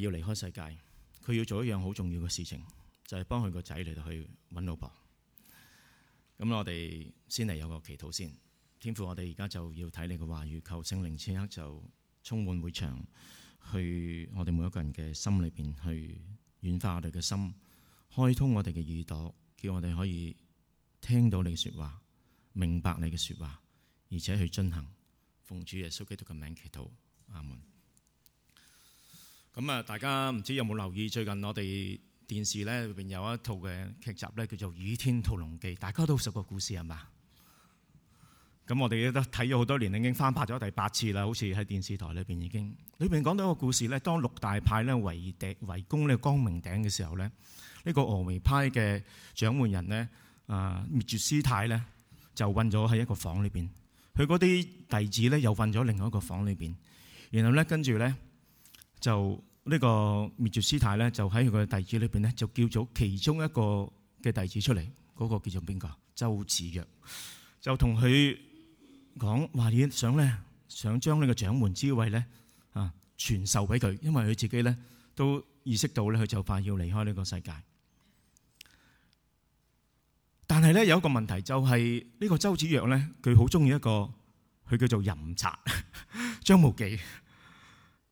要離開世界，佢要做一樣好重要嘅事情，就係幫佢個仔嚟到去揾老婆。咁我哋先嚟有個祈禱先，天父，我哋而家就要睇你嘅話語，求聖靈即刻就充滿會場，去我哋每一個人嘅心裏邊去軟化我哋嘅心，開通我哋嘅耳朵，叫我哋可以聽到你嘅說話，明白你嘅說話，而且去進行奉主耶穌基督嘅名祈禱，阿門。咁啊，大家唔知有冇留意最近我哋電視咧，裏邊有一套嘅劇集咧，叫做《倚天屠龍記》，大家都熟個故事係嘛？咁我哋都睇咗好多年，已經翻拍咗第八次啦，好似喺電視台裏邊已經。裏邊講到一個故事咧，當六大派咧圍圍攻咧光明頂嘅時候咧，呢、這個峨眉派嘅掌門人呢，啊、呃、滅絕師太咧就困咗喺一個房裏邊，佢嗰啲弟子咧又困咗另外一個房裏邊，然後咧跟住咧就。呢個滅絕師太咧，就喺佢嘅弟子裏邊咧，就叫咗其中一個嘅弟子出嚟，嗰個叫做邊個？周芷若就同佢講話，你想咧，想將呢個掌門之位咧，啊，傳授俾佢，因為佢自己咧都意識到咧，佢就快要離開呢個世界。但係咧有一個問題，就係呢個周芷若咧，佢好中意一個，佢叫做淫賊張無忌，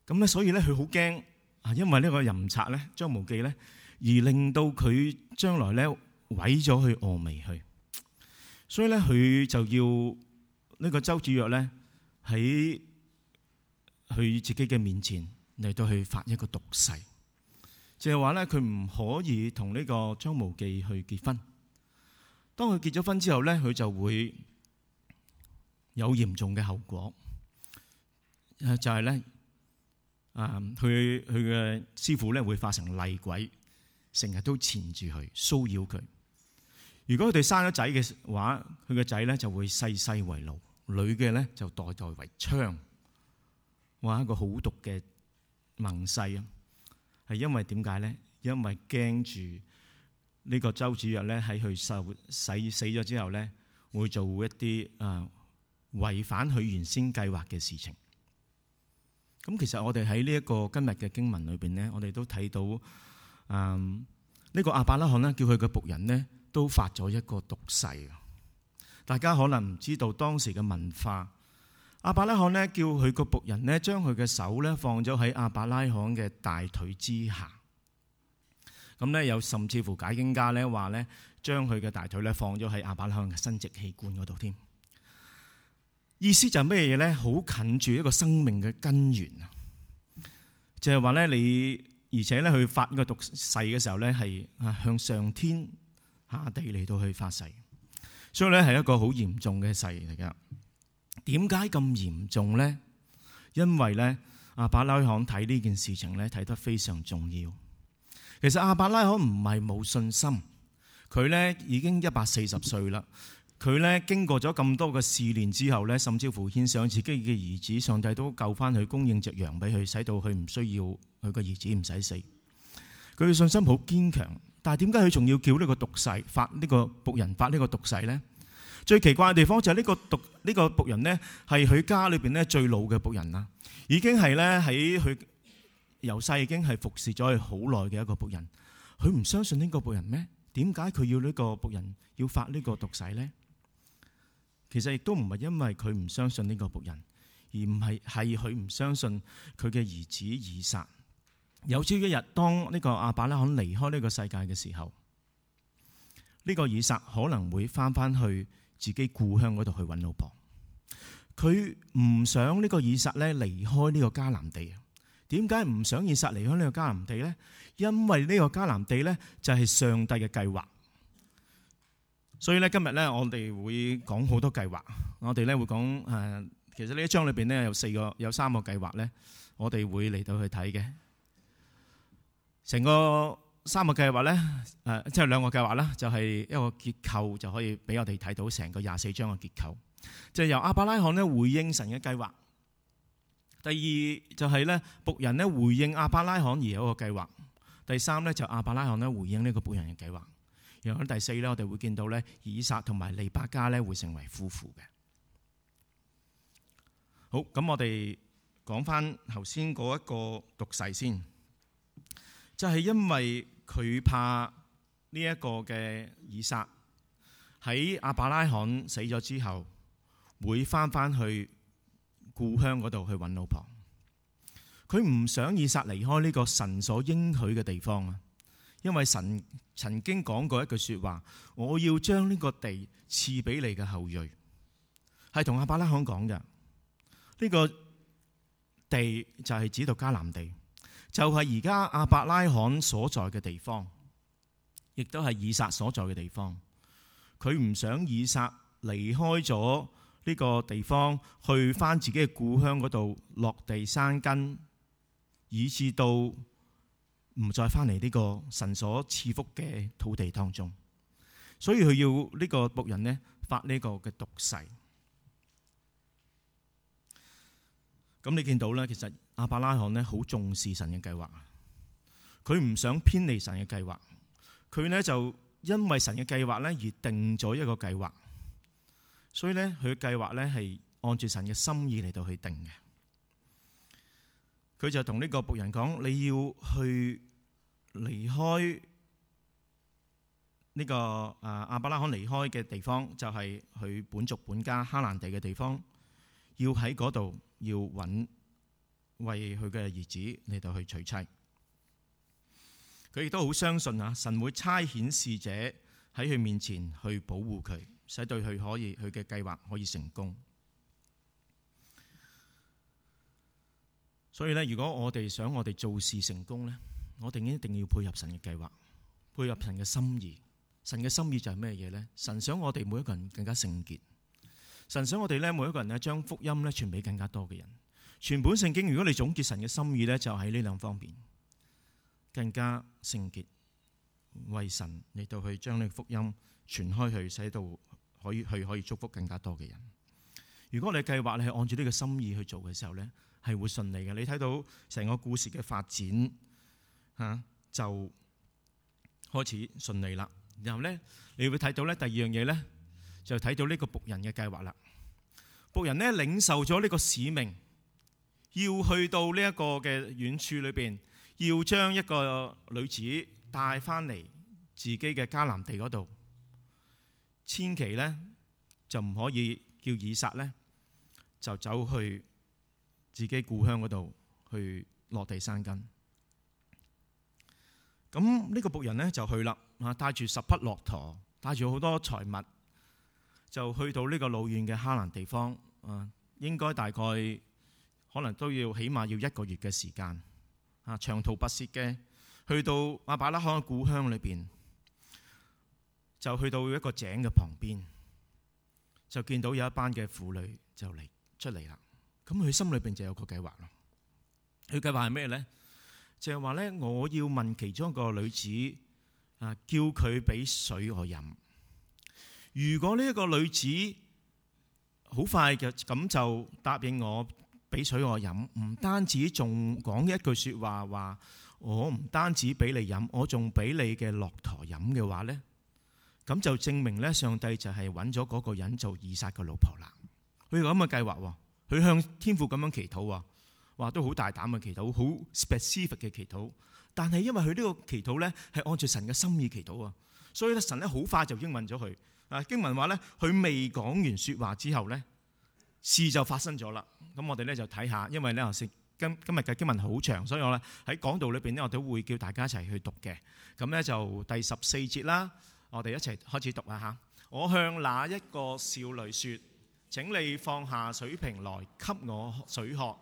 咁咧所以咧佢好驚。啊！因為呢個淫賊咧，張無忌咧，而令到佢將來咧毀咗去峨眉去，所以咧佢就要呢個周芷若咧喺佢自己嘅面前嚟到去發一個毒誓，就係話咧佢唔可以同呢個張無忌去結婚。當佢結咗婚之後咧，佢就會有嚴重嘅後果。誒，就係咧。啊！佢佢嘅師傅咧會化成厲鬼，成日都纏住佢，騷擾佢。如果佢哋生咗仔嘅話，佢個仔咧就會世世為奴；女嘅咧就代代為娼。哇！一個好毒嘅盟誓啊！係因為點解咧？因為驚住呢個周子若咧喺佢受死死咗之後咧，會做一啲啊違反佢原先計劃嘅事情。咁其實我哋喺呢一個今日嘅經文裏邊呢，我哋都睇到，嗯，呢、這個亞伯拉罕咧，叫佢嘅僕人呢都發咗一個毒誓。大家可能唔知道當時嘅文化，亞伯拉罕咧叫佢個僕人呢將佢嘅手呢放咗喺亞伯拉罕嘅大腿之下。咁、嗯、呢，有甚至乎解經家呢話呢將佢嘅大腿呢放咗喺亞伯拉罕嘅生殖器官嗰度添。意思就係咩嘢咧？好近住一個生命嘅根源啊！就係話咧你，而且咧去發呢個毒誓嘅時候咧，係啊向上天、下地嚟到去發誓，所以咧係一個好嚴重嘅誓嚟噶。點解咁嚴重咧？因為咧阿伯拉罕睇呢件事情咧睇得非常重要。其實阿伯拉罕唔係冇信心，佢咧已經一百四十歲啦。佢咧經過咗咁多嘅試煉之後咧，甚至乎獻上自己嘅兒子，上帝都救翻佢，供應隻羊俾佢，使到佢唔需要佢個兒子唔使死。佢嘅信心好堅強，但係點解佢仲要叫呢個毒誓發呢個僕人發呢個毒誓咧？最奇怪嘅地方就係呢個毒、這個、呢個僕人咧，係佢家裏邊咧最老嘅僕人啦，已經係咧喺佢由細已經係服侍咗佢好耐嘅一個僕人。佢唔相信呢個僕人咩？點解佢要呢個僕人要發呢個毒誓咧？其實亦都唔係因為佢唔相信呢個僕人，而唔係係佢唔相信佢嘅兒子以撒。有朝一日，當呢個亞伯拉罕離開呢個世界嘅時候，呢、這個以撒可能會翻翻去自己故鄉嗰度去揾老婆。佢唔想呢個以撒咧離開呢個迦南地。點解唔想以撒離開呢個迦南地呢？因為呢個迦南地呢，就係上帝嘅計劃。所以咧，今日咧，我哋會講好多計劃。我哋咧會講誒，其實呢一章裏邊咧有四個，有三個計劃咧，我哋會嚟到去睇嘅。成個三個計劃咧，誒，即係兩個計劃啦，就係一個結構就可以俾我哋睇到成個廿四章嘅結構。就係由亞伯拉罕咧回應神嘅計劃。第二就係咧僕人咧回應亞伯拉罕而有一個計劃。第三咧就亞伯拉罕咧回應呢個僕人嘅計劃。又喺第四咧，我哋會見到咧，以撒同埋利巴加咧會成為夫婦嘅。好，咁我哋講翻頭先嗰一個毒誓先，就係因為佢怕呢一個嘅以撒喺亞伯拉罕死咗之後，會翻翻去故鄉嗰度去揾老婆，佢唔想以撒離開呢個神所應許嘅地方啊。因為神曾經講過一句說話，我要將呢個地賜俾你嘅後裔，係同亞伯拉罕講嘅。呢、這個地就係指道迦南地，就係而家亞伯拉罕所在嘅地方，亦都係以撒所在嘅地方。佢唔想以撒離開咗呢個地方，去翻自己嘅故鄉嗰度落地生根，以至到。唔再翻嚟呢個神所賜福嘅土地當中，所以佢要呢個僕人呢發呢個嘅毒誓。咁你見到咧，其實亞伯拉罕呢好重視神嘅計劃，佢唔想偏離神嘅計劃，佢呢就因為神嘅計劃咧而定咗一個計劃，所以咧佢嘅計劃咧係按住神嘅心意嚟到去定嘅。佢就同呢個僕人講：你要去離開呢個啊，亞伯拉罕離開嘅地方，就係佢本族本家哈蘭地嘅地方，要喺嗰度要搵為佢嘅兒子你到去娶妻。佢亦都好相信啊，神會差遣使者喺佢面前去保護佢，使對佢可以佢嘅計劃可以成功。所以呢，如果我哋想我哋做事成功呢，我哋一定要配合神嘅計劃，配合神嘅心意。神嘅心意就係咩嘢呢？神想我哋每一個人更加聖潔，神想我哋呢每一個人呢將福音呢傳俾更加多嘅人。全本聖經如果你總結神嘅心意呢，就喺呢兩方面：更加聖潔，為神嚟到去將呢個福音傳開去，使到可以去可以祝福更加多嘅人。如果你計劃係按照呢個心意去做嘅時候咧，係會順利嘅。你睇到成個故事嘅發展嚇，啊，就開始順利啦。然後咧，你會睇到咧第二樣嘢咧，就睇到呢個僕人嘅計劃啦。僕人咧領受咗呢個使命，要去到呢一個嘅遠處裏邊，要將一個女子帶翻嚟自己嘅迦南地嗰度。千祈咧就唔可以。叫以撒咧，就走去自己故鄉嗰度去落地生根。咁呢個僕人咧就去啦，啊帶住十匹駱駝，帶住好多財物，就去到呢個老遠嘅哈蘭地方。啊，應該大概可能都要起碼要一個月嘅時間，啊長途跋涉嘅，去到阿、啊、巴拉罕嘅故鄉裏邊，就去到一個井嘅旁邊。就見到有一班嘅婦女就嚟出嚟啦，咁佢心裏邊就有個計劃咯。佢計劃係咩咧？就係話咧，我要問其中一個女子啊，叫佢俾水我飲。如果呢一個女子好快嘅咁就答應我俾水我飲，唔單止仲講一句說話，話我唔單止俾你飲，我仲俾你嘅駱駝飲嘅話咧。咁就證明咧，上帝就係揾咗嗰個人做以撒嘅老婆啦。佢咁嘅計劃，佢向天父咁樣祈禱啊，哇，都好大膽嘅祈禱，好 specific 嘅祈禱。但係因為佢呢個祈禱咧，係按照神嘅心意祈禱啊，所以咧神咧好快就應允咗佢啊。經文話咧，佢未講完說話之後咧，事就發生咗啦。咁我哋咧就睇下，因為咧頭先今今日嘅經文好長，所以我咧喺講道裏邊咧，我都會叫大家一齊去讀嘅。咁咧就第十四節啦。我哋一齊開始讀啦嚇！我向那一個少女説：請你放下水瓶來給我水喝。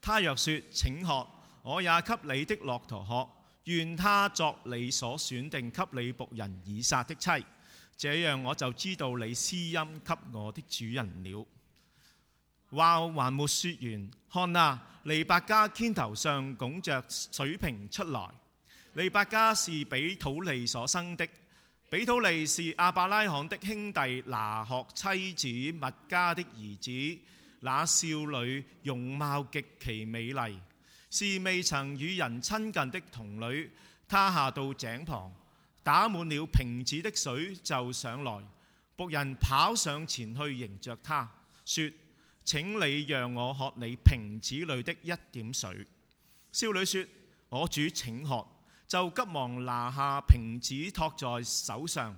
他若説請喝，我也給你的駱駝喝。願他作你所選定給你僕人以撒的妻，這樣我就知道你施恩給我的主人了。話還沒説完，看啊！利百加肩頭上拱着水瓶出來。利百加是彼土利所生的。比土利是亞伯拉罕的兄弟拿鶴妻子麥加的兒子。那少女容貌極其美麗，是未曾與人親近的童女。她下到井旁，打滿了瓶子的水就上來。僕人跑上前去迎着她說：請你讓我喝你瓶子裏的一點水。少女說：我主請喝。就急忙拿下瓶子托在手上，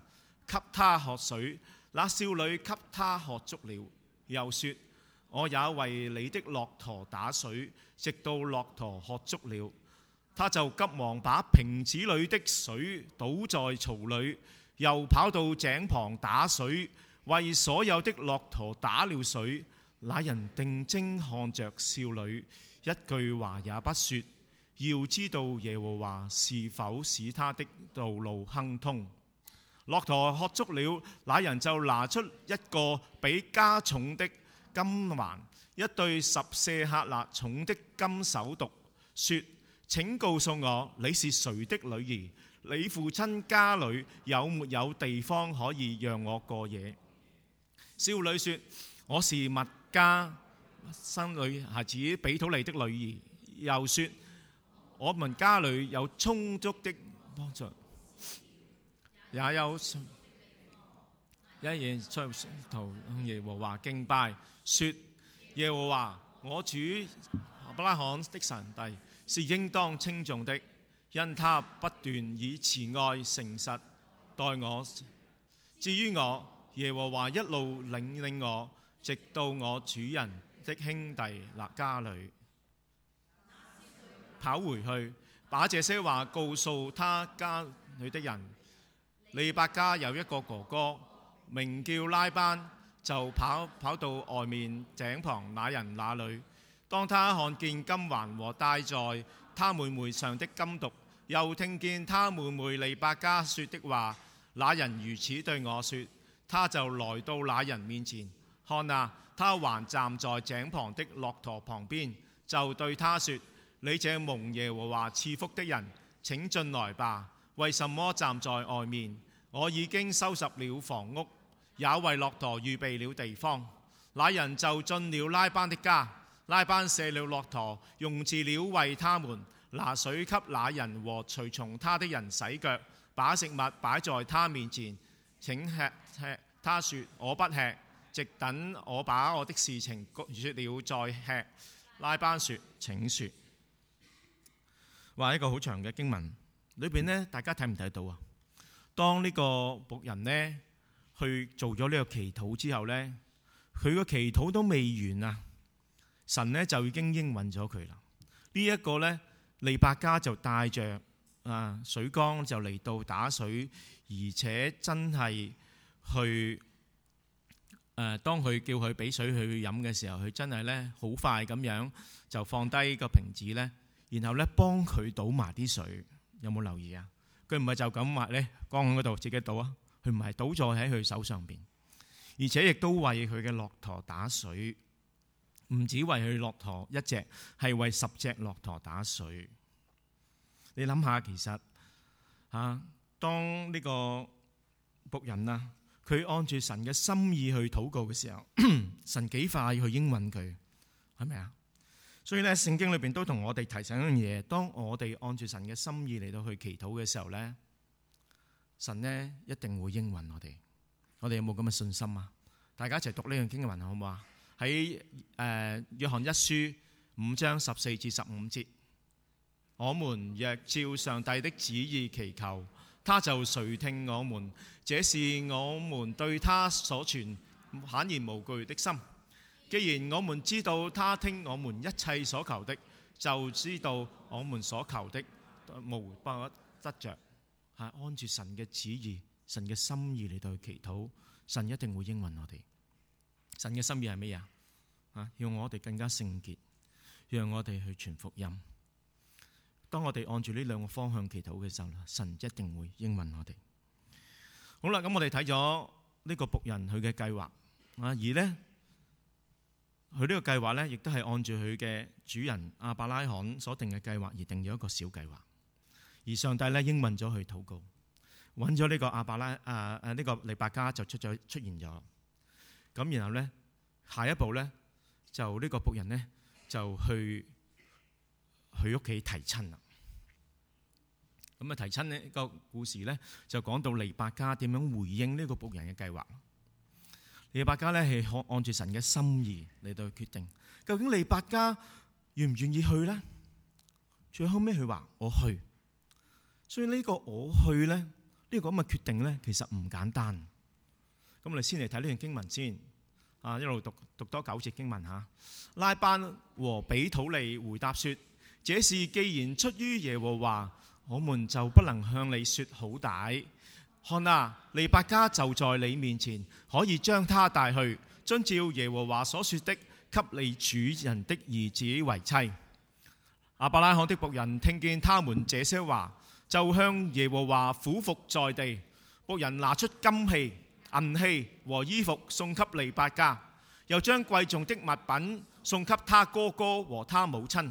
給他喝水。那少女給他喝足了，又說：我也為你的駱駝打水，直到駱駝喝足了。他就急忙把瓶子裏的水倒在槽裏，又跑到井旁打水，為所有的駱駝打了水。那人定睛看着少女，一句話也不說。要知道耶和華是否使他的道路亨通？駱駝喝足了，那人就拿出一個比加重的金環，一對十舍客勒重的金手鐲，說：請告訴我你是誰的女兒？你父親家裏有沒有地方可以讓我過夜？少女說：我是麥加生女孩子比土利的女兒。又說。我們家裏有充足的幫助，也有一人在向耶和華敬拜，說：耶和華，我主亞伯拉罕的神帝是應當稱頌的，因他不斷以慈愛誠實待我。至於我，耶和華一路領領我，直到我主人的兄弟家裏。跑回去，把這些話告訴他家裏的人。利百加有一個哥哥，名叫拉班，就跑跑到外面井旁那人那裏。當他看見金環和戴在他妹妹上的金鐲，又聽見他妹妹利百加說的話，那人如此對我說，他就來到那人面前看，啊，他還站在井旁的駱駝旁邊，就對他說。你這蒙耶和華賜福的人，請進來吧。為什麼站在外面？我已經收拾了房屋，也為駱駝預備了地方。那人就進了拉班的家。拉班卸了駱駝，用飼料為他們拿水給那人和隨從他的人洗腳，把食物擺在他面前。請吃，吃。他說：我不吃，直等我把我的事情講完了再吃。拉班說：請説。話一個好長嘅經文，裏邊呢，大家睇唔睇到啊？當呢個僕人呢去做咗呢個祈禱之後呢，佢個祈禱都未完啊，神呢就已經應允咗佢啦。呢、這、一個呢，利百加就帶着啊水缸就嚟到打水，而且真係去誒、呃，當佢叫佢俾水去飲嘅時候，佢真係呢好快咁樣就放低個瓶子呢。然後咧，幫佢倒埋啲水，有冇留意啊？佢唔係就咁話咧，缸嗰度自己倒啊，佢唔係倒咗喺佢手上邊，而且亦都為佢嘅駱駝打水，唔止為佢駱駝一隻，係為十隻駱駝打水。你諗下，其實吓，當呢個僕人啊，佢按住神嘅心意去禱告嘅時候，神幾快去應允佢，係咪啊？所以呢，聖經裏面都同我哋提醒一樣嘢，當我哋按住神嘅心意嚟到去祈禱嘅時候呢，神呢一定會應允我哋。我哋有冇咁嘅信心啊？大家一齊讀呢樣經文好唔好啊？喺誒、呃、約翰一書五章十四至十五節，我們若照上帝的旨意祈求，他就垂聽我們。這是我們對他所存坦然無懼的心。既然我們知道他聽我們一切所求的，就知道我們所求的無不得着。係按住神嘅旨意、神嘅心意嚟到去祈禱，神一定會應允我哋。神嘅心意係乜嘢啊？讓我哋更加聖潔，讓我哋去傳福音。當我哋按住呢兩個方向祈禱嘅時候，神一定會應允我哋。好啦，咁我哋睇咗呢個僕人佢嘅計劃啊，而呢。佢呢個計劃咧，亦都係按住佢嘅主人亞伯拉罕所定嘅計劃而定咗一個小計劃，而上帝咧應允咗佢禱告，揾咗呢個亞伯拉啊啊呢個利百加就出咗出現咗，咁然後咧下一步咧就呢個僕人咧就去佢屋企提親啦。咁啊提親呢個故事咧就講到利百加點樣回應呢個僕人嘅計劃。利百加咧係可按住神嘅心意嚟到決定，究竟利百加願唔願意去呢？最後尾佢話我去，所以呢個我去咧，呢、這個咁嘅決定咧，其實唔簡單。咁我哋先嚟睇呢段經文先，啊一路讀讀多九節經文吓。拉班和彼土利回答說：這事既然出於耶和華，我們就不能向你說好歹。看啊，利百加就在你面前，可以將他帶去，遵照耶和華所說的，給你主人的兒子為妻。亞伯拉罕的僕人聽見他們這些話，就向耶和華俯伏在地。僕人拿出金器、銀器和衣服送給利百加；又將貴重的物品送給他哥哥和他母親。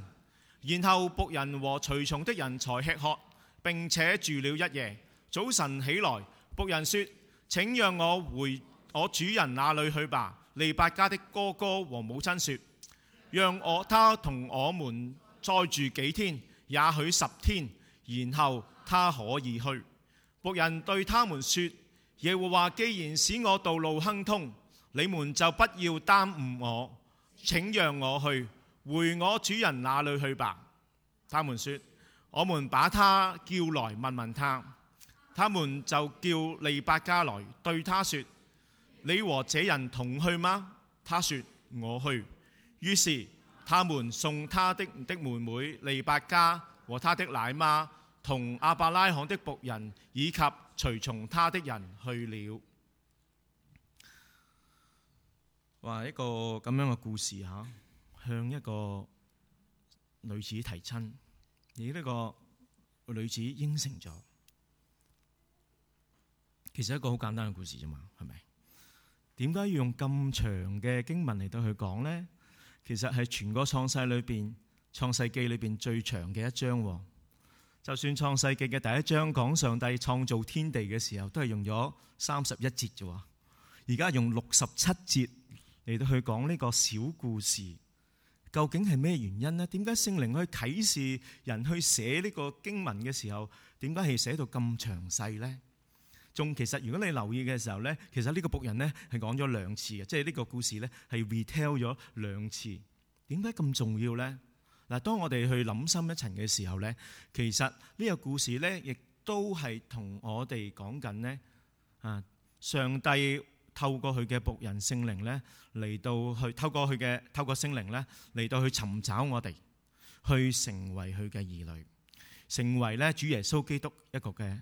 然後僕人和隨從的人才吃喝，並且住了一夜。早晨起來，僕人說：請讓我回我主人那裏去吧。利百加的哥哥和母親說：讓我他同我們再住幾天，也許十天，然後他可以去。僕人對他們說：耶和華既然使我道路亨通，你們就不要耽誤我。請讓我去回我主人那裏去吧。他們說：我們把他叫來問問他。他們就叫利百加來對他說：你和這人同去嗎？他說：我去。於是他們送他的的妹妹利百加和他的奶媽同亞伯拉罕的僕人以及隨從他的人去了。話一個咁樣嘅故事吓、啊，向一個女子提親，而呢個女子應承咗。其實一個好簡單嘅故事啫嘛，係咪？點解要用咁長嘅經文嚟到去講呢？其實係全個創世裏邊、創世記裏邊最長嘅一章喎。就算創世記嘅第一章講上帝創造天地嘅時候，都係用咗三十一節啫。而家用六十七節嚟到去講呢個小故事，究竟係咩原因呢？點解聖靈去啟示人去寫呢個經文嘅時候，點解係寫到咁詳細呢？仲其實如果你留意嘅時候咧，其實呢個僕人咧係講咗兩次嘅，即係呢個故事咧係 retell 咗兩次。點解咁重要咧？嗱，當我哋去諗深一層嘅時候咧，其實呢個故事咧亦都係同我哋講緊咧啊，上帝透過佢嘅僕人聖靈咧嚟到去透過佢嘅透過聖靈咧嚟到去尋找我哋，去成為佢嘅兒女，成為咧主耶穌基督一個嘅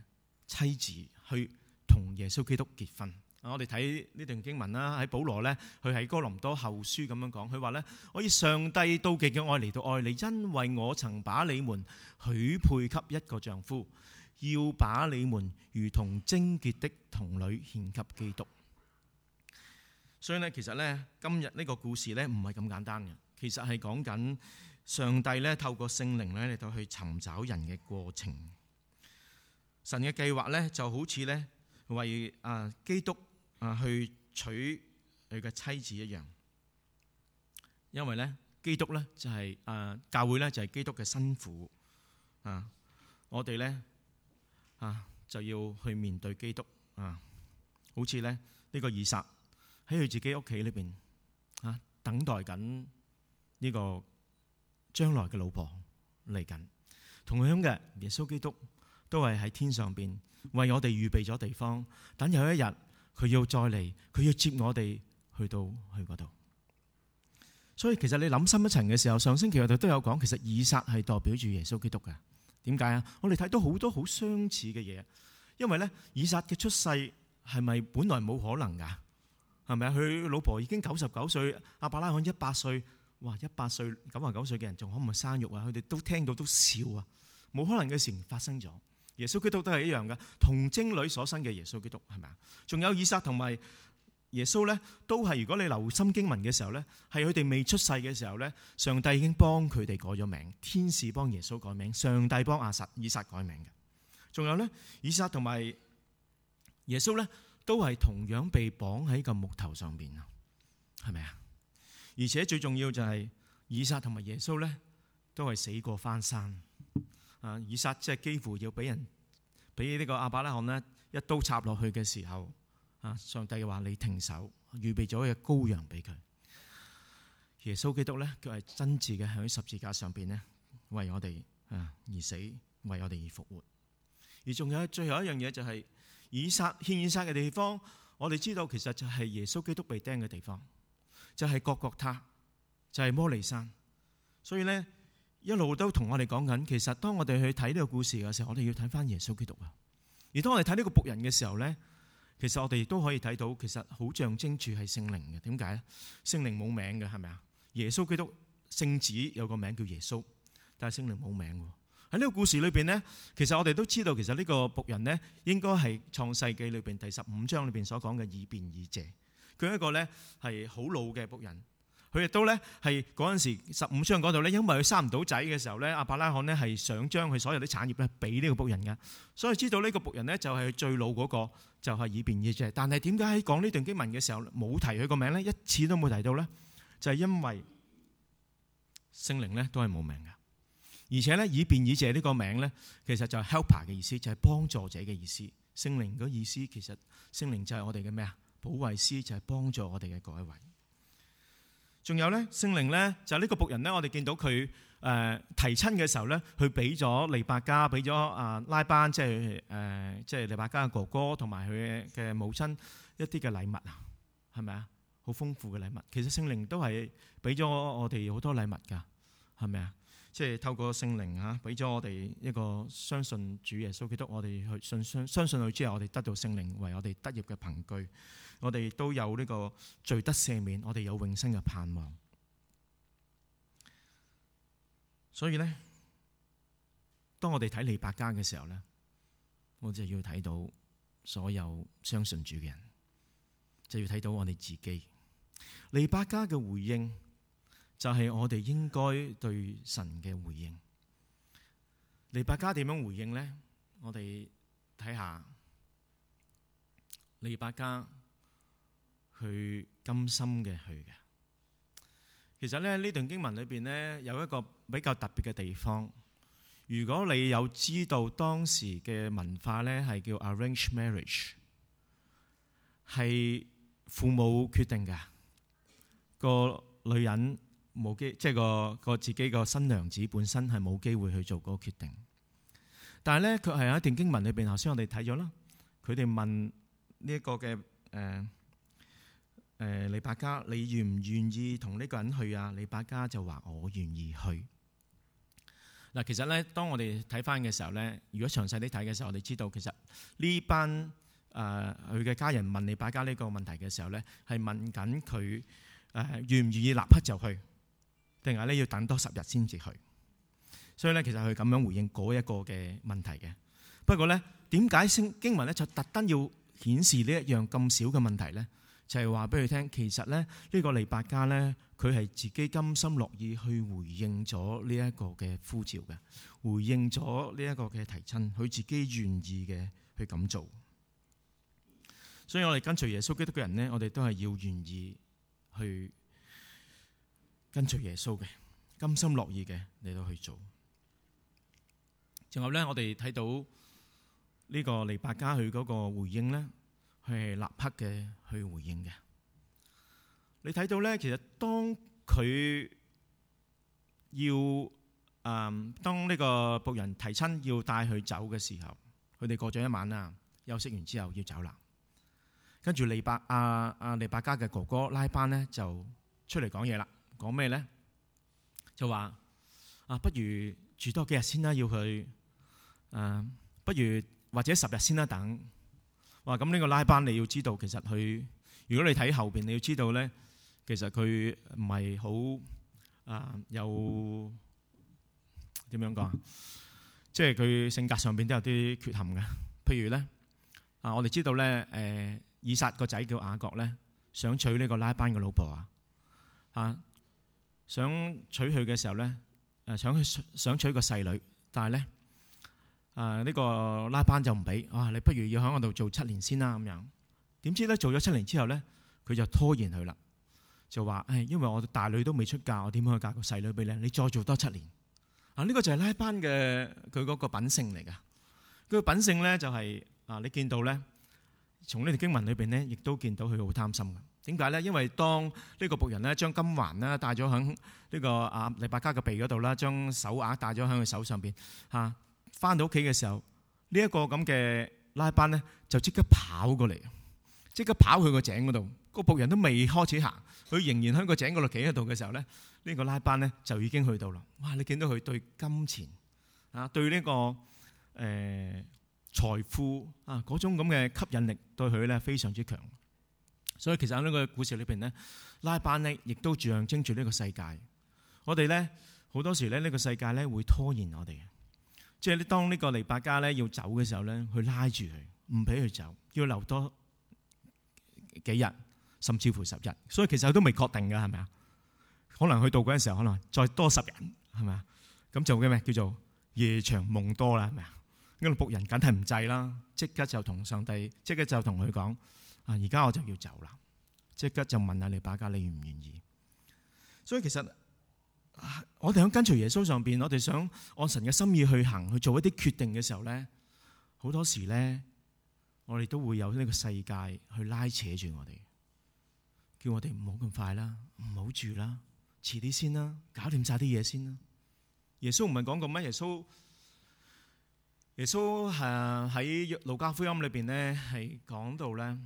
妻子去。同耶穌基督結婚，啊、我哋睇呢段經文啦，喺保羅呢，佢喺哥林多後書咁樣講，佢話呢，我以上帝都極嘅愛嚟到愛你，因為我曾把你們許配給一個丈夫，要把你們如同貞潔的童女獻給基督。所以呢，其實呢，今日呢個故事呢，唔係咁簡單嘅，其實係講緊上帝呢，透過聖靈呢，嚟到去尋找人嘅過程。神嘅計劃呢，就好似呢。為啊基督啊去娶佢嘅妻子一樣，因為咧基督咧就係、是、啊、呃、教會咧就係基督嘅辛苦。啊，我哋咧啊就要去面對基督啊，好似咧呢、這個以撒喺佢自己屋企裏邊啊等待緊呢個將來嘅老婆嚟緊，同樣嘅耶穌基督。都係喺天上邊為我哋預備咗地方，等有一日佢要再嚟，佢要接我哋去到去嗰度。所以其實你諗深一層嘅時候，上星期我哋都有講，其實以撒係代表住耶穌基督噶。點解啊？我哋睇到好多好相似嘅嘢，因為咧以撒嘅出世係咪本來冇可能噶？係咪啊？佢老婆已經九十九歲，亞伯拉罕一百歲，哇！一百歲九十九歲嘅人仲可唔可以生育啊？佢哋都聽到都笑啊！冇可能嘅事情發生咗。耶穌基督都係一樣嘅，童貞女所生嘅耶穌基督係咪啊？仲有以撒同埋耶穌咧，都係如果你留心經文嘅時候咧，係佢哋未出世嘅時候咧，上帝已經幫佢哋改咗名，天使幫耶穌改名，上帝幫阿實以撒改名嘅。仲有咧，以撒同埋耶穌咧，都係同樣被綁喺個木頭上邊啊，係咪啊？而且最重要就係以撒同埋耶穌咧，都係死過翻生。啊！以撒即係幾乎要俾人俾呢個亞伯拉罕咧一刀插落去嘅時候，啊！上帝話你停手，預備咗一個羔羊俾佢。耶穌基督咧，佢係真摯嘅喺十字架上邊呢，為我哋啊而死，為我哋而復活。而仲有最後一樣嘢就係、是、以撒獻以撒嘅地方，我哋知道其實就係耶穌基督被釘嘅地方，就係、是、各各他，就係、是、摩利山。所以咧。一路都同我哋講緊，其實當我哋去睇呢個故事嘅時候，我哋要睇翻耶穌基督啊。而當我哋睇呢個僕人嘅時候咧，其實我哋亦都可以睇到，其實好象徵住係聖靈嘅。點解啊？聖靈冇名嘅係咪啊？耶穌基督聖子有個名叫耶穌，但係聖靈冇名喎。喺呢個故事裏邊咧，其實我哋都知道，其實呢個僕人咧，應該係創世記裏邊第十五章裏邊所講嘅以便以謝，佢係一個咧係好老嘅僕人。佢亦都咧，係嗰陣時十五章嗰度咧，因為佢生唔到仔嘅時候咧，阿柏拉罕咧係想將佢所有啲產業咧俾呢個僕人噶，所以知道呢個僕人咧就係最老嗰個，就係以便以謝。但係點解喺講呢段經文嘅時候冇提佢個名咧，一次都冇提到咧，就係因為聖靈咧都係冇名噶，而且咧，以便以謝呢個名咧，其實就係 helper 嘅意思，就係幫助者嘅意思。聖靈嗰意思其實聖靈就係我哋嘅咩啊？保惠師就係幫助我哋嘅嗰一位。仲有咧，聖靈咧就係呢個僕人咧，我哋見到佢誒提親嘅時候咧，佢俾咗利百加，俾咗啊拉班，即係誒即係利百加嘅哥哥同埋佢嘅母親一啲嘅禮物啊，係咪啊？好豐富嘅禮物。其實聖靈都係俾咗我哋好多禮物㗎，係咪啊？即係透過聖靈啊，俾咗我哋一個相信主耶穌基督，我哋去信相相信佢之後，我哋得到聖靈為我哋得業嘅憑據。我哋都有呢個罪得赦免，我哋有永生嘅盼望。所以呢，當我哋睇利百家嘅時候呢，我哋就要睇到所有相信主嘅人，就要睇到我哋自己。利百家嘅回應就係我哋應該對神嘅回應。利百家點樣回應呢？我哋睇下利百家。佢甘心嘅去嘅。其實咧，呢段經文裏邊咧，有一個比較特別嘅地方。如果你有知道當時嘅文化咧，係叫 arranged marriage，係父母決定嘅，個女人冇機，即係個個自己個新娘子本身係冇機會去做嗰個決定。但係咧，佢係喺一段經文裏邊，頭先我哋睇咗啦。佢哋問呢一個嘅誒。呃誒，李百、呃、家，你願唔願意同呢個人去啊？李百家就話，我願意去嗱。其實咧，當我哋睇翻嘅時候咧，如果詳細啲睇嘅時候，我哋知道其實呢班誒佢嘅家人問李百家呢個問題嘅時候咧，係問緊佢誒願唔願意立刻就去，定係咧要等多十日先至去？所以咧，其實佢咁樣回應嗰一個嘅問題嘅。不過咧，點解聖經文咧就特登要顯示呢一樣咁小嘅問題咧？就係話俾佢聽，其實咧呢、呢個利百加咧，佢係自己甘心樂意去回應咗呢一個嘅呼召嘅，回應咗呢一個嘅提親，佢自己願意嘅去咁做。所以我哋跟隨耶穌基督嘅人咧，我哋都係要願意去跟隨耶穌嘅，甘心樂意嘅你都去做。仲有咧，我哋睇到呢個利百加佢嗰個回應咧。佢係立刻嘅去回應嘅。你睇到咧，其實當佢要誒、呃，當呢個僕人提親要帶佢走嘅時候，佢哋過咗一晚啦，休息完之後要走啦。跟住利百加啊，啊利百加嘅哥哥拉班咧，就出嚟講嘢啦。講咩咧？就話啊，不如住多幾日先啦，啊，要去誒、啊，不如或者十日先啦，啊，等。哇！咁呢個拉班你要知道，其實佢如果你睇後邊，你要知道咧，其實佢唔係好啊，又點樣講啊？即係佢性格上邊都有啲缺陷嘅。譬如咧，啊，我哋知道咧，誒，以撒個仔叫雅各咧，想娶呢個拉班嘅老婆啊，啊，想娶佢嘅時候咧，誒，想佢想娶個細女，但係咧。啊！呢個拉班就唔俾，啊，你不如要喺我度做七年先啦咁樣。點知咧，做咗七年之後咧，佢就拖延佢啦，就話誒，因為我大女都未出嫁，我點可以嫁個細女俾你？你再做多七年。啊！呢個就係拉班嘅佢嗰個品性嚟噶。佢個品性咧就係啊，你見到咧，從呢條經文裏邊咧，亦都見到佢好貪心嘅。點解咧？因為當呢個僕人咧將金環咧戴咗喺呢個啊利百加嘅鼻嗰度啦，將手鐲戴咗喺佢手上邊嚇。啊翻到屋企嘅時候，呢一個咁嘅拉班咧，就即刻跑過嚟，即刻跑去個井嗰度。個僕人都未開始行，佢仍然喺個井嗰度企喺度嘅時候咧，呢個拉班咧就已經去到啦。哇！你見到佢對金錢啊，對呢個呃財富啊嗰種咁嘅吸引力，對佢咧非常之強。所以其實喺呢個故事裏邊咧，拉班咧亦都象徵住呢個世界。我哋咧好多時咧呢個世界咧會拖延我哋。即係你當呢個尼伯加咧要走嘅時候咧，佢拉住佢，唔俾佢走，要留多幾日，甚至乎十日。所以其實都未確定噶，係咪啊？可能去到嗰陣時候，可能再多十日，係咪啊？咁就叫咩？叫做夜長夢多啦，係咪啊？嗰個僕人梗係唔制啦，即刻就同上帝，即刻就同佢講：啊，而家我就要走啦！即刻就問下尼伯加，你願唔願意？所以其實。我哋喺跟隨耶穌上邊，我哋想按神嘅心意去行，去做一啲決定嘅時候咧，好多時咧，我哋都會有呢個世界去拉扯住我哋，叫我哋唔好咁快啦，唔好住啦，遲啲先啦，搞掂晒啲嘢先啦。耶穌唔係講過咩？耶穌耶穌誒喺路加福音裏邊咧係講到咧，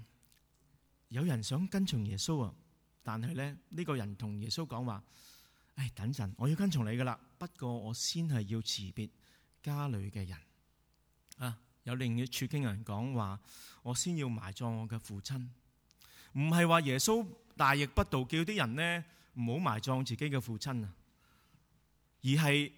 有人想跟隨耶穌啊，但係咧呢個人同耶穌講話。唉、哎，等陣，我要跟從你噶啦。不過我先係要辭別家裏嘅人啊。有另一處經人講話，我先要埋葬我嘅父親。唔係話耶穌大逆不道，叫啲人呢唔好埋葬自己嘅父親啊。而係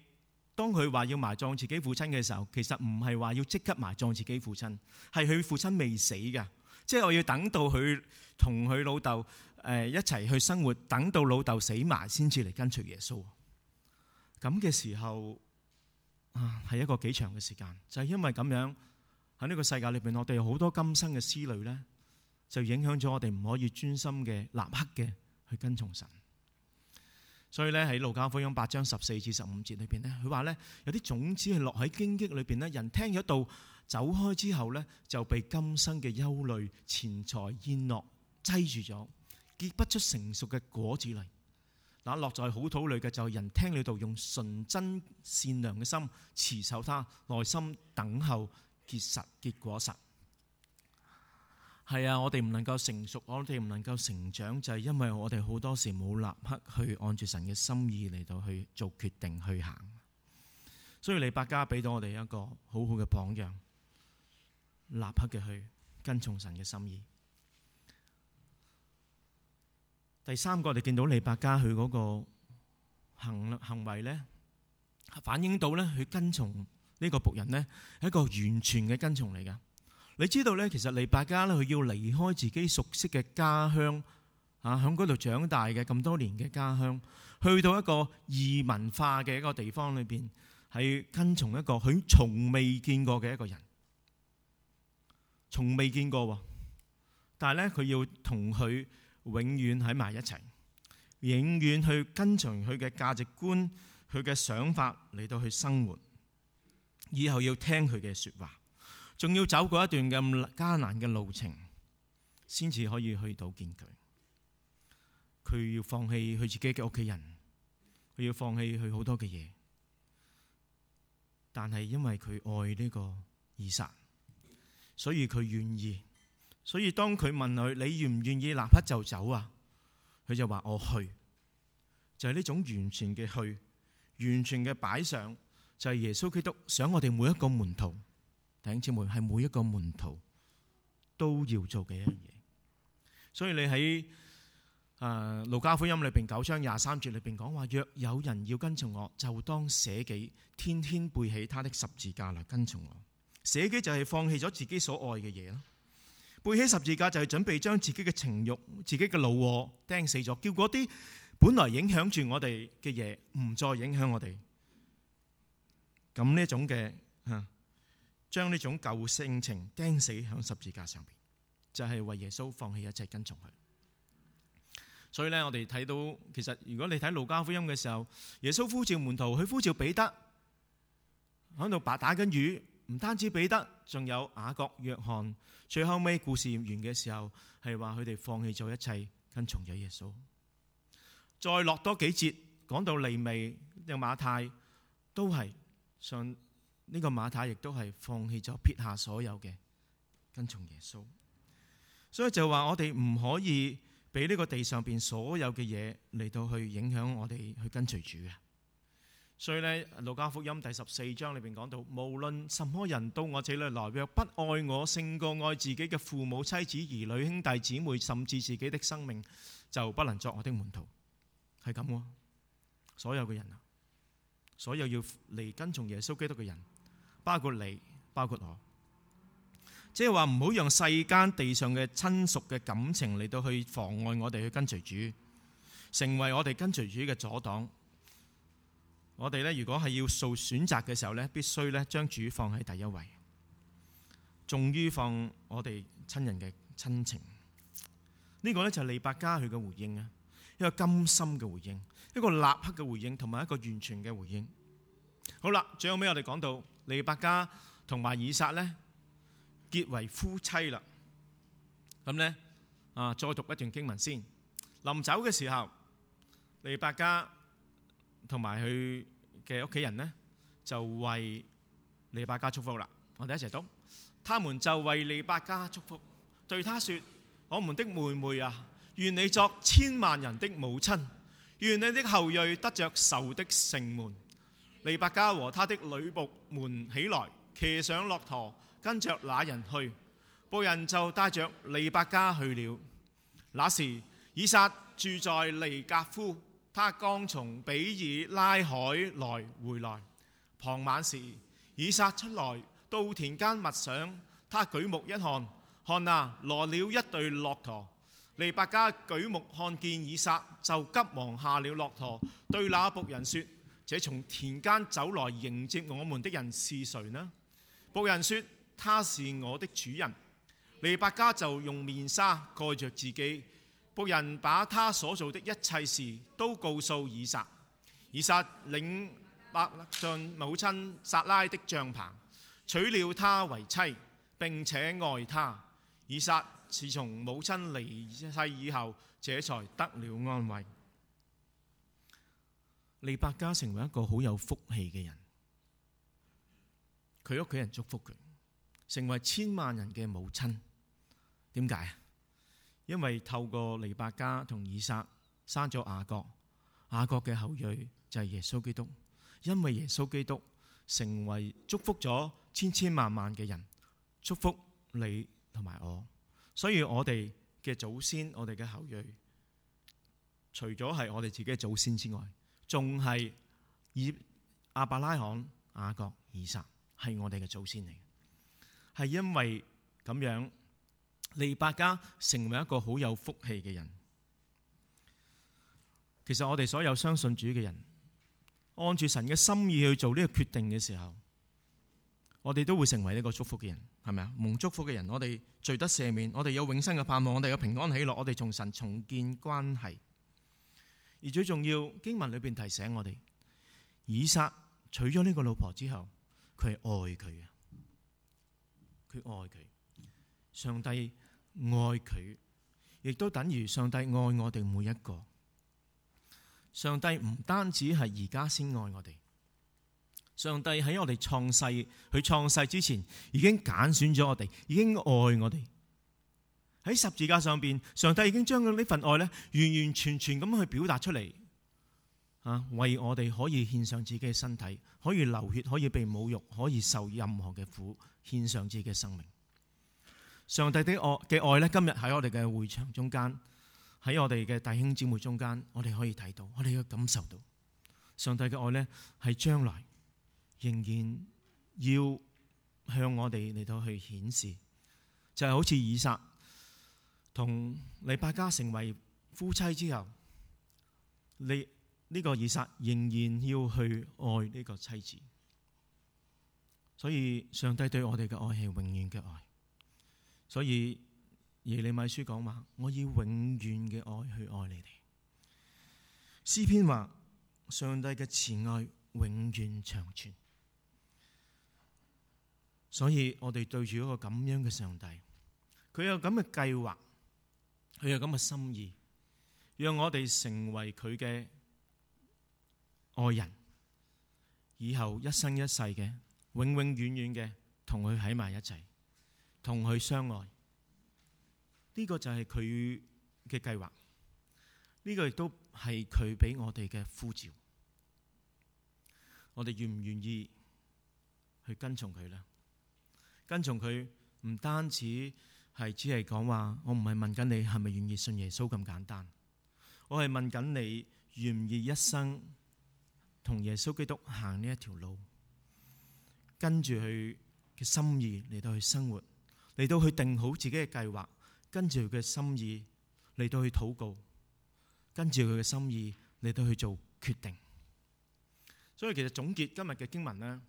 當佢話要埋葬自己父親嘅時候，其實唔係話要即刻埋葬自己父親，係佢父親未死噶，即係我要等到佢同佢老豆誒，一齊去生活，等到老豆死埋先至嚟跟隨耶穌。咁嘅時候啊，係一個幾長嘅時間。就係、是、因為咁樣喺呢個世界裏邊，我哋有好多今生嘅思慮咧，就影響咗我哋唔可以專心嘅、立刻嘅去跟從神。所以咧，喺路加福音八章十四至十五節裏邊咧，佢話咧，有啲種子係落喺荊棘裏邊咧，人聽咗道，走開之後咧，就被今生嘅憂慮、錢財、宴樂擠住咗。結不出成熟嘅果子嚟。那落在好土裏嘅就係、就是、人聽你度用純真善良嘅心持守他，耐心等候結實結果實。係啊，我哋唔能夠成熟，我哋唔能夠成長，就係、是、因為我哋好多時冇立刻去按住神嘅心意嚟到去做決定去行。所以利百加俾到我哋一個好好嘅榜樣，立刻嘅去跟從神嘅心意。第三個，你見到利百加佢嗰個行行為咧，反映到咧佢跟從呢個僕人咧，係一個完全嘅跟從嚟㗎。你知道咧，其實利百加咧，佢要離開自己熟悉嘅家鄉，啊，喺嗰度長大嘅咁多年嘅家鄉，去到一個異文化嘅一個地方裏邊，係跟從一個佢從未見過嘅一個人，從未見過喎。但係咧，佢要同佢。永遠喺埋一齊，永遠去跟隨佢嘅價值觀、佢嘅想法嚟到去生活。以後要聽佢嘅說話，仲要走過一段咁艱難嘅路程，先至可以去到見佢。佢要放棄佢自己嘅屋企人，佢要放棄佢好多嘅嘢，但係因為佢愛呢個以撒，所以佢願意。所以當佢問佢，你願唔願意立刻就走啊？佢就話我去，就係、是、呢種完全嘅去，完全嘅擺上就係、是、耶穌基督想我哋每一個門徒，弟兄姊妹係每一個門徒都要做嘅一樣嘢。所以你喺誒路加福音裏邊九章廿三節裏邊講話，若有人要跟從我，就當捨己，天天背起他的十字架嚟跟從我。捨己就係放棄咗自己所愛嘅嘢咯。背起十字架就係準備將自己嘅情欲、自己嘅怒火釘死咗，叫嗰啲本來影響住我哋嘅嘢唔再影響我哋。咁呢種嘅吓，將呢種舊性情釘死喺十字架上邊，就係為耶穌放棄一切跟從佢。所以咧，我哋睇到其實如果你睇路加福音嘅時候，耶穌呼召門徒，去呼召彼得，喺度白打緊魚。唔單止彼得，仲有雅各、約翰，最後尾故事完嘅時候，係話佢哋放棄咗一切，跟從咗耶穌。再落多幾節，講到利未、定、這個、馬太，都係信呢個馬太，亦都係放棄咗撇下所有嘅跟從耶穌。所以就話我哋唔可以俾呢個地上邊所有嘅嘢嚟到去影響我哋去跟隨主嘅。所以咧，路加福音第十四章裏邊講到，無論什麼人到我這裏來，若不愛我勝過愛自己嘅父母、妻子、兒女、兄弟、姊妹，甚至自己的生命，就不能作我的門徒。係咁，所有嘅人啊，所有，所有要嚟跟從耶穌基督嘅人，包括你，包括我，即係話唔好讓世間地上嘅親屬嘅感情嚟到去妨礙我哋去跟隨主，成為我哋跟隨主嘅阻擋。我哋咧，如果係要做選擇嘅時候咧，必須咧將主放喺第一位，重於放我哋親人嘅親情。呢、這個咧就係利百加佢嘅回應啊，一個甘心嘅回應，一個立刻嘅回應，同埋一個完全嘅回應。好啦，最後尾我哋講到利百加同埋以撒咧結為夫妻啦。咁咧啊，再讀一段經文先。臨走嘅時候，利百加，同埋佢嘅屋企人呢，就為利百加祝福啦。我哋一齊讀：他們就為利百加祝福，對他說：我們的妹妹啊，願你作千萬人的母親，願你的後裔得着仇的城門。利百加和他的女僕們起來，騎上駱駝，跟着那人去。僕人就帶着利百加去了。那時以撒住在尼格夫。他剛從比爾拉海來回來，傍晚時以撒出來到田間默想，他舉目一看，看啊來了一對駱駝。利百加舉目看見以撒，就急忙下了駱駝，對那僕人說：這從田間走來迎接我們的人是誰呢？僕人說他是我的主人。利百加就用面紗蓋着自己。僕人把他所做的一切事都告訴以撒，以撒領利百加進母親撒拉的帳棚，娶了她為妻，並且愛她。以撒自從母親離世以後，這才得了安慰。利百加成為一個好有福氣嘅人，佢屋企人祝福佢，成為千萬人嘅母親。點解？因為透過尼伯嘉同以撒生咗雅各，雅各嘅後裔就係耶穌基督。因為耶穌基督成為祝福咗千千萬萬嘅人，祝福你同埋我。所以我哋嘅祖先，我哋嘅後裔，除咗係我哋自己嘅祖先之外，仲係以亞伯拉罕、雅各、以撒係我哋嘅祖先嚟，係因為咁樣。利百家成為一個好有福氣嘅人。其實我哋所有相信主嘅人，按住神嘅心意去做呢個決定嘅時候，我哋都會成為呢個祝福嘅人，係咪啊？蒙祝福嘅人，我哋罪得赦免，我哋有永生嘅盼望，我哋有平安喜樂，我哋同神重建關係。而最重要，經文裏邊提醒我哋，以撒娶咗呢個老婆之後，佢係愛佢嘅，佢愛佢。上帝。愛佢，亦都等於上帝愛我哋每一個。上帝唔單止係而家先愛我哋，上帝喺我哋創世，佢創世之前已經揀選咗我哋，已經愛我哋。喺十字架上邊，上帝已經將呢份愛呢完完全全咁去表達出嚟，啊，為我哋可以獻上自己嘅身體，可以流血，可以被侮辱，可以受任何嘅苦，獻上自己嘅生命。上帝的愛嘅愛咧，今日喺我哋嘅會場中間，喺我哋嘅弟兄姊妹中間，我哋可以睇到，我哋嘅感受到，上帝嘅愛咧係將來仍然要向我哋嚟到去顯示，就係、是、好似以撒同利百加成為夫妻之後，你、這、呢個以撒仍然要去愛呢個妻子，所以上帝對我哋嘅愛係永遠嘅愛。所以耶利米書講話，我以永遠嘅愛去愛你哋。詩篇話，上帝嘅慈愛永遠長存。所以我哋對住一個咁樣嘅上帝，佢有咁嘅計劃，佢有咁嘅心意，讓我哋成為佢嘅愛人，以後一生一世嘅，永永遠遠嘅同佢喺埋一齊。同佢相愛，呢個就係佢嘅計劃，呢個亦都係佢俾我哋嘅呼召。我哋願唔願意去跟從佢呢？跟從佢唔單止係只係講話，我唔係問緊你係咪願意信耶穌咁簡單，我係問緊你願唔願意一生同耶穌基督行呢一條路，跟住佢嘅心意嚟到去生活。嚟到去定好自己嘅計劃，跟住佢嘅心意嚟到去禱告，跟住佢嘅心意嚟到去做決定。所以其實總結今日嘅經文咧，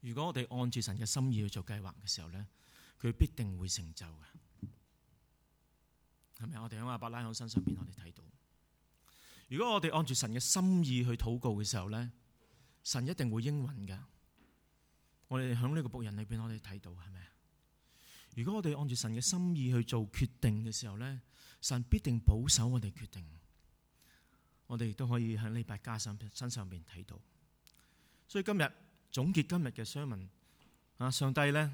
如果我哋按住神嘅心意去做計劃嘅時候咧，佢必定會成就噶，係咪啊？我哋喺阿伯拉罕身上邊，我哋睇到。如果我哋按住神嘅心意去禱告嘅時候咧，神一定會應允噶。我哋響呢個僕人裏邊，我哋睇到，係咪啊？如果我哋按住神嘅心意去做決定嘅時候咧，神必定保守我哋決定。我哋亦都可以喺利百加身身上邊睇到。所以今日總結今日嘅 sermon，啊，上帝咧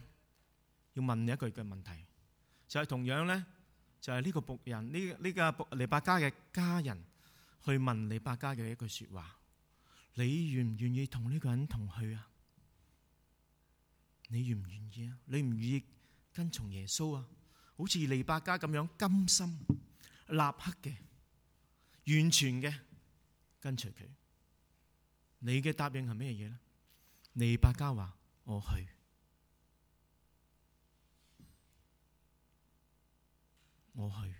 要問你一句嘅問題，就係、是、同樣咧，就係、是、呢個僕人呢呢、這個利百加嘅家人去問利百加嘅一句說話：你願唔願意同呢個人同去啊？你願唔願意啊？你唔願意？跟從耶穌啊，好似利百加咁樣甘心、立刻嘅、完全嘅跟隨佢。你嘅答應係咩嘢呢？利百加話：我去，我去。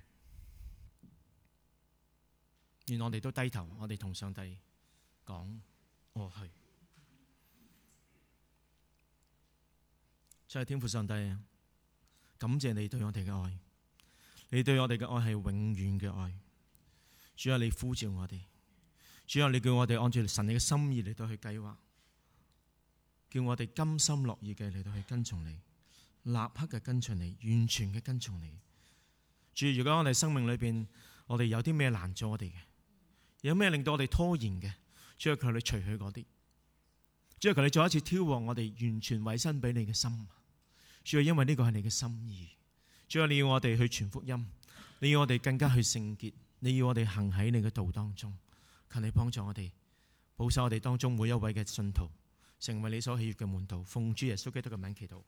原願我哋都低頭，我哋同上帝講：我去，就係天父上帝啊！感謝你對我哋嘅愛，你對我哋嘅愛係永遠嘅愛。主啊，你呼召我哋，主啊，你叫我哋按住神你嘅心意嚟到去計劃，叫我哋甘心樂意嘅嚟到去跟從你，立刻嘅跟隨你，完全嘅跟從你。主，如果我哋生命裏邊，我哋有啲咩難阻我哋嘅，有咩令到我哋拖延嘅，主啊，求你除去嗰啲。主啊，求你再一次挑旺我哋完全委身俾你嘅心。主要因為呢個係你嘅心意，主要你要我哋去傳福音，你要我哋更加去聖潔，你要我哋行喺你嘅道當中。求你幫助我哋，保守我哋當中每一位嘅信徒，成為你所喜悦嘅門徒。奉主耶穌基督嘅名祈禱。